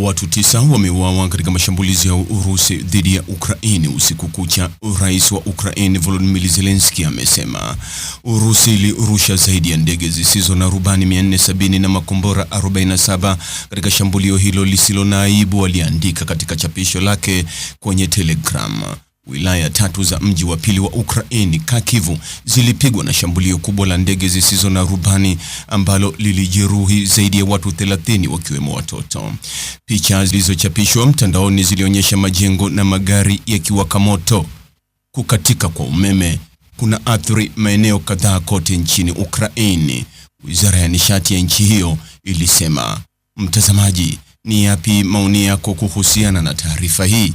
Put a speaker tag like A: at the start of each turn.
A: Watu tisa wameuawa katika mashambulizi ya Urusi dhidi ya Ukraini usiku kucha, Rais wa Ukraini Volodymyr Zelensky amesema. Urusi ilirusha zaidi ya ndege zisizo na rubani 470 na makombora 47 katika shambulio hilo lisilo na aibu, aliandika katika chapisho lake kwenye Telegram. Wilaya tatu za mji wa pili wa Ukraini, Kakivu, zilipigwa na shambulio kubwa la ndege zisizo na rubani ambalo lilijeruhi zaidi ya watu 30 wakiwemo watoto. Picha zilizochapishwa mtandaoni zilionyesha majengo na magari yakiwaka moto. Kukatika kwa umeme kuna athiri maeneo kadhaa kote nchini Ukraini, Wizara ya Nishati ya nchi hiyo ilisema. Mtazamaji, ni yapi maoni yako kuhusiana na taarifa hii?